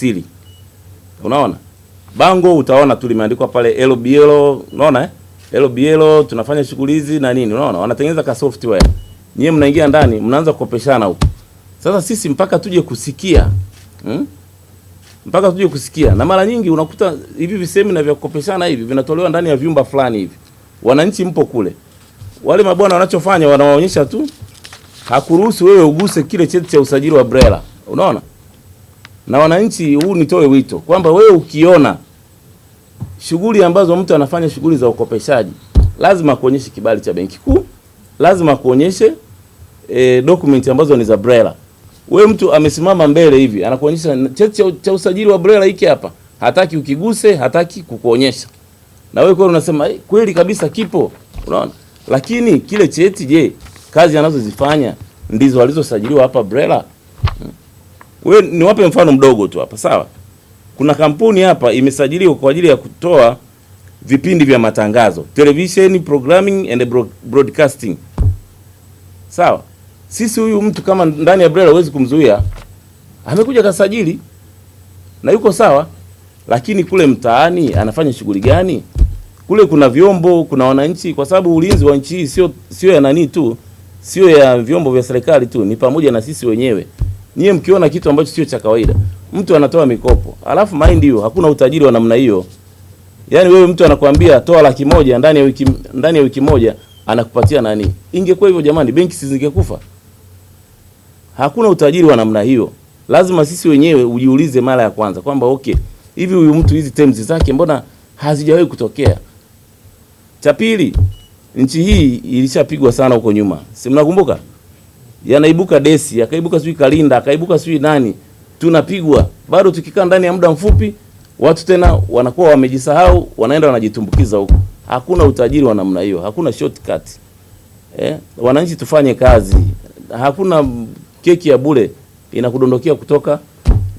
Siri. Unaona? Bango utaona tu limeandikwa pale LBL, unaona eh? LBL tunafanya shughuli hizi na nini, unaona? Wanatengeneza ka software. Nyie mnaingia ndani, mnaanza kukopeshana huko. Sasa sisi mpaka tuje kusikia. Hmm? Mpaka tuje kusikia. Na mara nyingi unakuta hivi visemina vya kukopeshana hivi vinatolewa ndani ya vyumba fulani hivi. Wananchi mpo kule. Wale mabwana wanachofanya wanawaonyesha tu hakuruhusu wewe uguse kile cheti cha usajili wa BRELA. Unaona? na wananchi, huu nitoe wito kwamba wewe ukiona shughuli ambazo mtu anafanya shughuli za ukopeshaji, lazima kuonyeshe kibali cha benki kuu, lazima kuonyeshe e, eh, document ambazo ni za BRELA. We mtu amesimama mbele hivi anakuonyesha cheti cha usajili wa BRELA hiki hapa, hataki ukiguse, hataki kukuonyesha, na wewe kwa unasema hey, eh, kweli kabisa kipo, unaona. Lakini kile cheti, je, kazi anazozifanya ndizo alizosajiliwa hapa BRELA? hmm. Wewe niwape mfano mdogo tu hapa, sawa? Kuna kampuni hapa imesajiliwa kwa ajili ya kutoa vipindi vya matangazo, television programming and broadcasting, sawa? Sisi huyu mtu kama ndani ya BRELA huwezi kumzuia, amekuja kasajili na yuko sawa, lakini kule mtaani anafanya shughuli gani? Kule kuna vyombo, kuna wananchi, kwa sababu ulinzi wa nchi hii sio sio ya nani tu, sio ya vyombo vya serikali tu, ni pamoja na sisi wenyewe. Nyie mkiona kitu ambacho sio cha kawaida, mtu anatoa mikopo alafu mind you, hakuna utajiri wa namna hiyo. Yaani wewe mtu anakuambia toa laki moja ndani ya wiki, ndani ya wiki moja anakupatia nani? Ingekuwa hivyo jamani, benki si zingekufa? Hakuna utajiri wa namna hiyo. Lazima sisi wenyewe ujiulize mara ya kwanza kwamba okay, hivi huyu mtu hizi terms zake mbona hazijawahi kutokea? Cha pili, nchi hii ilishapigwa sana huko nyuma, si mnakumbuka? yanaibuka Desi, akaibuka sijui Kalinda, akaibuka sijui nani, tunapigwa bado. Tukikaa ndani ya muda mfupi, watu tena wanakuwa wamejisahau, wanaenda wanajitumbukiza huko. Hakuna utajiri wa namna hiyo, hakuna shortcut eh. Wananchi tufanye kazi, hakuna keki ya bure inakudondokea kutoka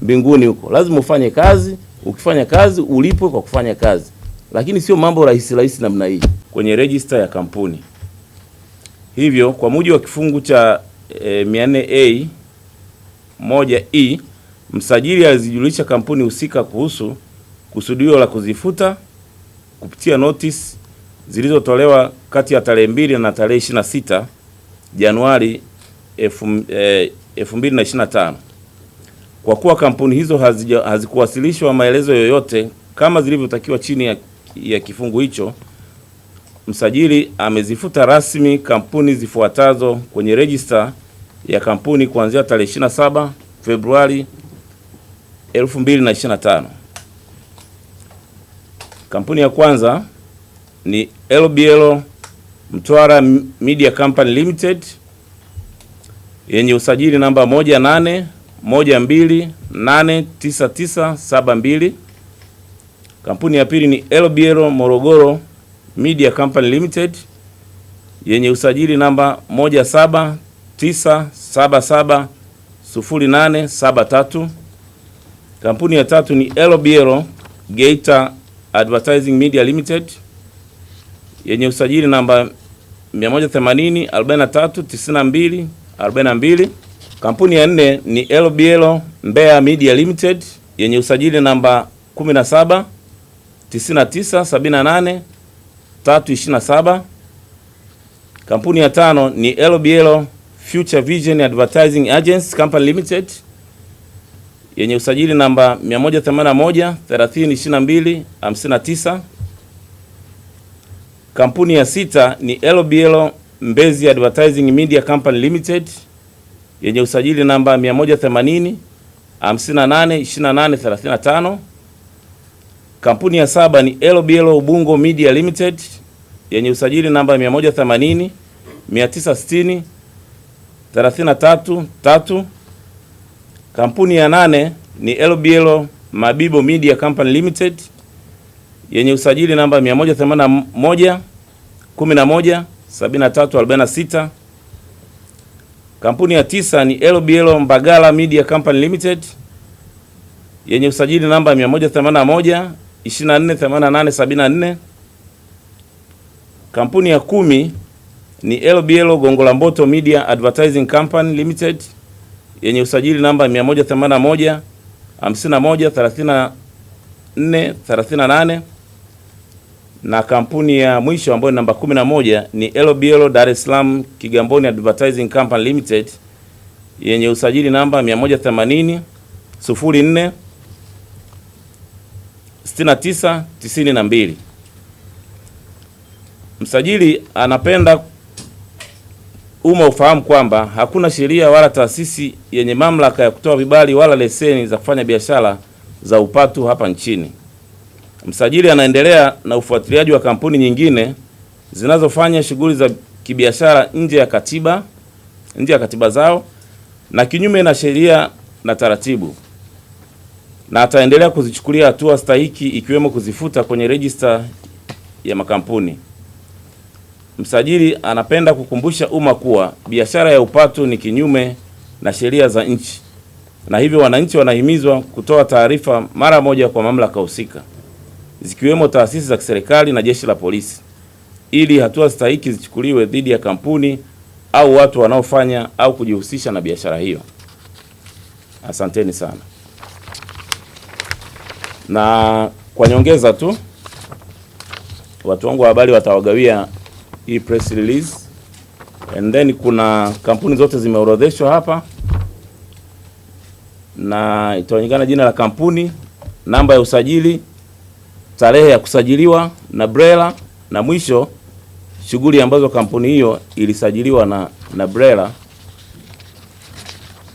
mbinguni huko, lazima ufanye kazi. Ukifanya kazi ulipwe kwa kufanya kazi, lakini sio mambo rahisi rahisi namna hii kwenye rejista ya kampuni. Hivyo kwa mujibu wa kifungu cha 400A e, 1E e, msajili alizijulisha kampuni husika kuhusu kusudio la kuzifuta kupitia notice zilizotolewa kati ya tarehe mbili na tarehe 26 Januari 2025. E, Kwa kuwa kampuni hizo hazikuwasilishwa maelezo yoyote kama zilivyotakiwa chini ya, ya kifungu hicho msajili amezifuta rasmi kampuni zifuatazo kwenye rejista ya kampuni kuanzia tarehe 27 Februari 2025. Kampuni ya kwanza ni LBL Mtwara Media Company Limited yenye usajili namba 181289972. Kampuni ya pili ni LBL Morogoro Media Company Limited yenye usajili namba 179770873. Kampuni ya tatu ni LBL Geita Advertising Media Limited yenye usajili namba 180439242. Kampuni ya nne ni LBL Mbeya Media Limited yenye usajili namba 179978 327. Kampuni ya tano ni LBL Future Vision Advertising Agency Company Limited yenye usajili namba 181 3022 Kampuni ya sita ni LBL Mbezi Advertising Media Company Limited yenye usajili namba 180 58 28 35. Kampuni ya saba ni LBL Ubungo Media Limited yenye usajili namba 180 960 Kampuni ya nane ni LBL Mabibo Media Company Limited yenye usajili namba 181 11 73 46. Kampuni ya tisa ni LBL Mbagala Media Company Limited yenye usajili namba 181 248874. Kampuni ya kumi ni LBL Gongola Mboto Media Advertising Company Limited yenye usajili namba 181 51 34 38 na kampuni ya mwisho ambayo ni namba 11 ni LBL Dar es Salaam Kigamboni Advertising Company Limited yenye usajili namba 180 04 6992. Msajili anapenda umma ufahamu kwamba hakuna sheria wala taasisi yenye mamlaka ya kutoa vibali wala leseni za kufanya biashara za upatu hapa nchini. Msajili anaendelea na ufuatiliaji wa kampuni nyingine zinazofanya shughuli za kibiashara nje ya katiba nje ya katiba zao na kinyume na sheria na taratibu na ataendelea kuzichukulia hatua stahiki ikiwemo kuzifuta kwenye rejista ya makampuni. Msajili anapenda kukumbusha umma kuwa biashara ya upatu ni kinyume na sheria za nchi, na hivyo wananchi wanahimizwa kutoa taarifa mara moja kwa mamlaka husika, zikiwemo taasisi za kiserikali na jeshi la polisi, ili hatua stahiki zichukuliwe dhidi ya kampuni au watu wanaofanya au kujihusisha na biashara hiyo. Asanteni sana. Na kwa nyongeza tu, watu wangu wa habari watawagawia hii press release and then kuna kampuni zote zimeorodheshwa hapa na itaonekana jina la kampuni, namba ya usajili, tarehe ya kusajiliwa na BRELA, na mwisho shughuli ambazo kampuni hiyo ilisajiliwa na, na BRELA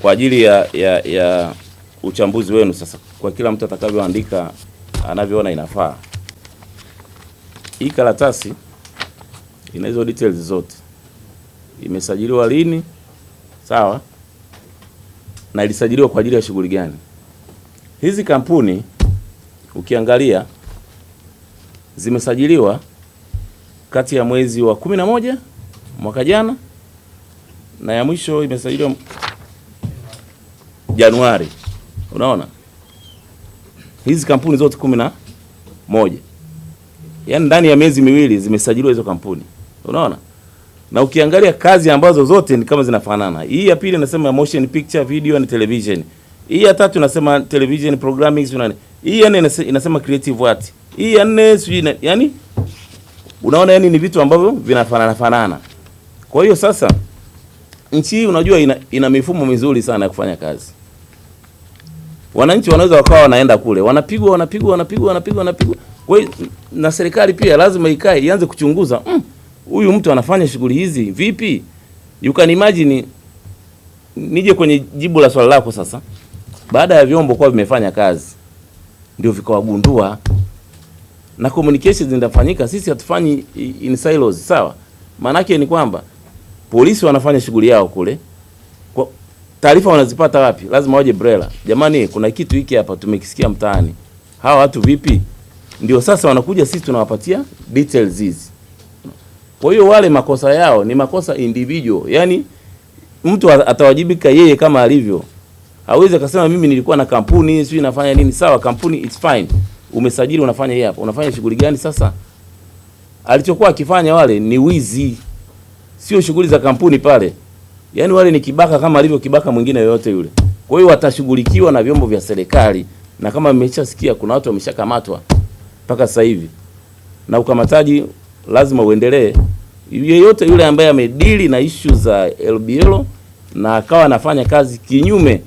kwa ajili ya, ya, ya uchambuzi wenu sasa, kwa kila mtu atakavyoandika anavyoona inafaa. Hii karatasi ina hizo details zote, imesajiliwa lini, sawa, na ilisajiliwa kwa ajili ya shughuli gani. Hizi kampuni ukiangalia zimesajiliwa kati ya mwezi wa kumi na moja mwaka jana na ya mwisho imesajiliwa Januari Unaona hizi kampuni zote kumi na moja yaani ndani ya miezi miwili zimesajiliwa hizo kampuni, unaona na ukiangalia kazi ambazo zote ni kama zinafanana. Hii ya pili nasema motion picture, video na television. Hii ya tatu nasema television programming sio nani. Hii ya nne inasema creative art. Hii ya nne sio yani, unaona yani ni vitu ambavyo vinafanana fanana. Kwa hiyo sasa nchi hii unajua ina, ina mifumo mizuri sana ya kufanya kazi wananchi wanaweza wakawa wanaenda kule wanapigwa wanapigwa wanapigwa wanapigwa wanapigwa. Kwa hiyo na serikali pia lazima ikae ianze kuchunguza hmm, huyu mm, mtu anafanya shughuli hizi vipi? You can imagine. Nije kwenye jibu la swali lako sasa, baada ya vyombo kuwa vimefanya kazi ndio vikawagundua na communication zinafanyika. Sisi hatufanyi in silos, sawa? Maanake ni kwamba polisi wanafanya shughuli yao kule taarifa wanazipata wapi? Lazima waje BRELA. Jamani, kuna kitu hiki hapa tumekisikia mtaani, hawa watu vipi? Ndio sasa wanakuja, sisi tunawapatia details hizi. Kwa hiyo wale makosa yao ni makosa individual, yani mtu atawajibika yeye kama alivyo. Hawezi akasema mimi nilikuwa na kampuni sijui nafanya nini. Sawa, kampuni it's fine, umesajili unafanya hii hapa, unafanya shughuli gani? Sasa alichokuwa akifanya wale ni wizi, sio shughuli za kampuni pale. Yaani wale ni kibaka kama alivyo kibaka mwingine yoyote yule. Kwa hiyo watashughulikiwa na vyombo vya serikali, na kama mmeshasikia kuna watu wameshakamatwa mpaka sasa hivi, na ukamataji lazima uendelee. Yeyote yule ambaye amedili na ishu za LBL na akawa anafanya kazi kinyume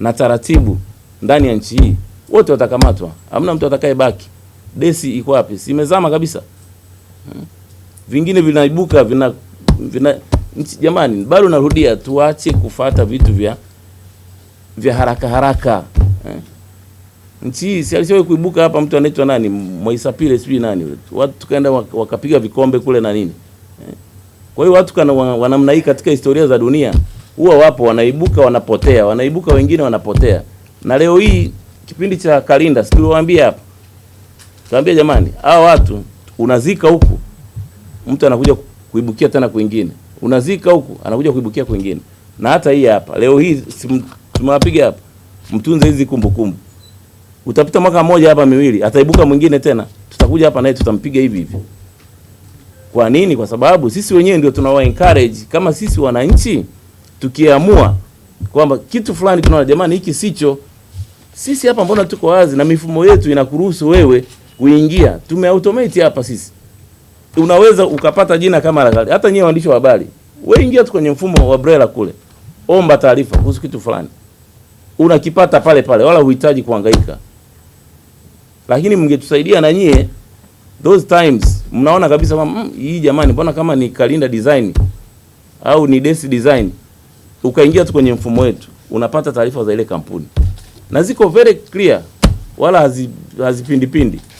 na taratibu ndani ya nchi hii, wote watakamatwa, hamna mtu atakayebaki. Desi iko wapi? Simezama kabisa, hmm? vingine vinaibuka vina, vina Jamani, bado narudia, tuache kufata vitu vya vya haraka haraka eh. Nchi hii si alishawahi kuibuka hapa mtu anaitwa nani, Pile, sijui nani, watu tukaenda wakapiga vikombe kule na nini eh. Kwa hiyo watu kana wanamna hii katika historia za dunia huwa wapo, wanaibuka wanapotea, wanaibuka wengine wanapotea. Na leo hii kipindi cha kalenda, si sikuwaambia hapa, tuambia jamani, hawa watu unazika huku, mtu anakuja kuibukia tena kwingine unazika huku, anakuja kuibukia kwingine. Na hata hii hapa leo hii tumewapiga hapa, mtunze hizi kumbukumbu, utapita mwaka mmoja hapa miwili, ataibuka mwingine tena, tutakuja hapa naye tutampiga hivi hivi. Kwa nini? Kwa sababu sisi wenyewe ndio tunawa encourage kama sisi wananchi tukiamua kwamba kitu fulani tunaona jamani, hiki sicho sisi hapa, mbona tuko wazi na mifumo yetu inakuruhusu wewe kuingia, tumeautomate hapa sisi unaweza ukapata jina kama la gari. Hata nyewe waandishi wa habari, wewe ingia tu kwenye mfumo wa BRELA kule, omba taarifa kuhusu kitu fulani, unakipata pale pale, wala uhitaji kuhangaika. Lakini mngetusaidia na nyie, those times mnaona kabisa kwamba mmm, hii jamani, mbona kama ni kalinda design au ni desk design, ukaingia tu kwenye mfumo wetu unapata taarifa za ile kampuni na ziko very clear, wala hazipindipindi hazi